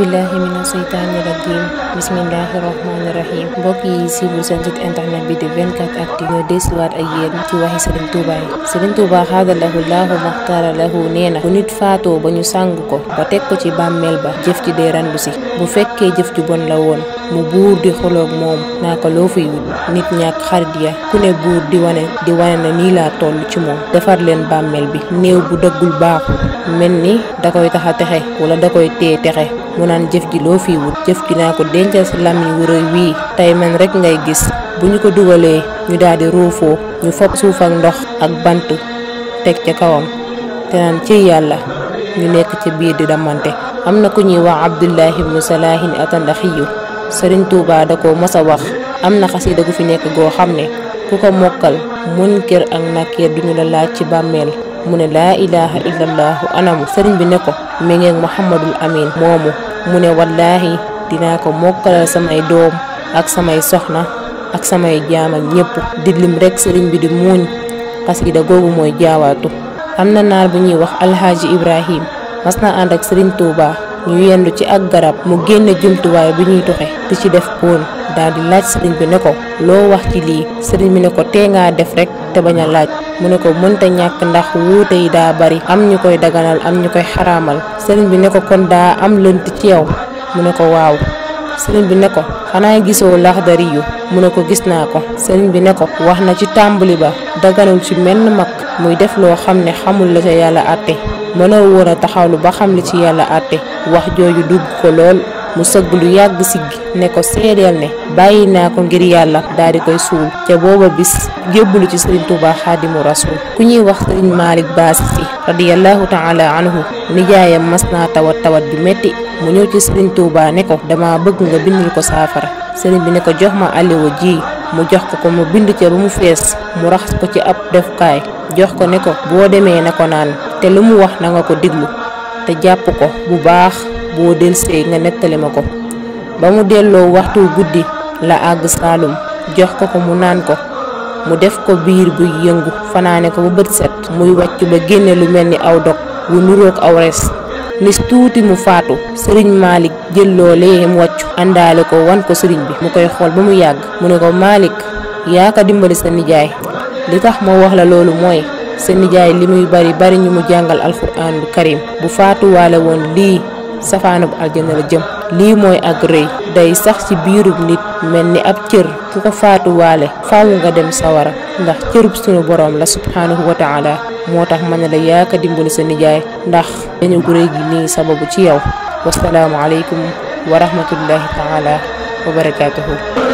billahi mina seytaani rajim bismillahi rahmaani rahim mbokk yi siibu seen site internet bi di 24 actu ñoo deesuwaat ak yéen ci waxi Serigne Touba yi Serigne Touba xaadalahu laahu maxtaara lahu nee na bu nit faatoo ba ñu sàng ko ba teg ko ci bàmmeel ba jëf ci dee randu si bu fekkee jëf ju bon la woon mu buur di xoloog moom naa ko loo fay wut nit ñàkk xarit ya ku ne buur di wane di wane na nii laa toll ci moom defar leen bàmmeel bi néew bu dëggul baaxul mel ni da koy taxa texe wala da koy tee texe mu naan jëf ji loo fii wut jëf ji naa ko dencal sa làmmiñ wu wii tey mel rek ngay gis bu ñu ko dugalee ñu daal di ruufoo ñu fopp suuf ak ndox ak bant teg ca kawam te naan ci yàlla ñu nekk ca biir di damante am na ku ñuy wax abdullahi ibnu salaahin atandaxiyu sëriñ Touba da ko mos a wax am na xasida gu fi nekk goo xam ne ku ko mokkal munkar ak nakiir duñu la laaj ci bàmmeel mu ne laa ilaha illallahu anamu sëriñ bi ne ko mi ngeeg Muhammadul Amin moomu mu ne wallaahi dinaa ko mokkalal samay doom ak samay soxna ak samay jaam ak ñëpp di rek sëriñ bi di muuñ xasida googu mooy jaawaatu am na naar bu ñuy wax alxaaji Ibrahim mas na ànd ak sëriñ Touba. ñu yendu ci ak garab mu génne jumtuwaay bu ñuy toxee di ci def póon daal di laaj sëriñ bi ne ko loo wax ci lii sëriñ bi ne ko tee ngaa def rek te bañ a laaj mu ne ko mënta ñàkk ndax wuute yi daa bari am ñu koy daganal am ñu koy xaramal sëriñ bi ne ko kon daa am lënt ci yow mu ne ko waaw sëriñ bi ne ko xanaa gisoo laxdari yu mu ne ko gis naa ko sëriñ bi ne ko wax na ci tàmbali ba daganul ci menn mag muy def loo xam ne xamul la ca yàlla àtte mënoo woon a lu ba xam li ci yàlla àtte wax jooju dugg ko lool mu sëgg lu yàgg siggi ne ko seedeel ne bàyyi naa ko ngir yàlla daal di koy suul ca booba bis jébbalu ci sëriñ Tuubaa mu rasul ku ñuy wax sëriñ Malick Baasi Si radiyallahu taala anhu nijaayam mas naa tawat tawat ju metti mu ñëw ci sëriñ Tuubaa ne ko dama bëgg nga bindul ko saafara sëriñ bi ne ko jox ma alliwa ji mu jox ko ko mu bind ca ba mu fees mu raxas ko ci ab defukaay jox ko ne ko boo demee na ko naan te lu mu wax na nga ko diglu te jàpp ko boo del see nga nettali ma ko ba mu delloo waxtu guddi la àgg saalum jox ko ko mu naan ko mu def ko biir buy yëngu fanaane ko ba bët set muy wàcc ba génne lu mel ni aw dog wu nuroog aw res nis tuuti mu faatu sëriñ Malick jël loolee mu wàccu àndaale ko wan ko sëriñ bi mu koy xool ba mu yàgg mu ne ko maalik yaa ko dimbali sa nijaay li tax ma wax la loolu mooy sa nijaay li muy bari bari ñu mu jàngal alxuraanul karim bu faatuwaale woon lii safaanub aljana la jëm lii mooy ak rëy day sax ci biirub nit mel ni ab cër ku ko faatuwaale faw nga dem sawara ndax cërub sunu borom la subhaanahu wa moo tax ma ne la yaaka dimbali sa nijaay ndax dañu gu gi nii sababu ci yow wasalaamu aleykum wa rahmatullahi taala wa barakaatuhu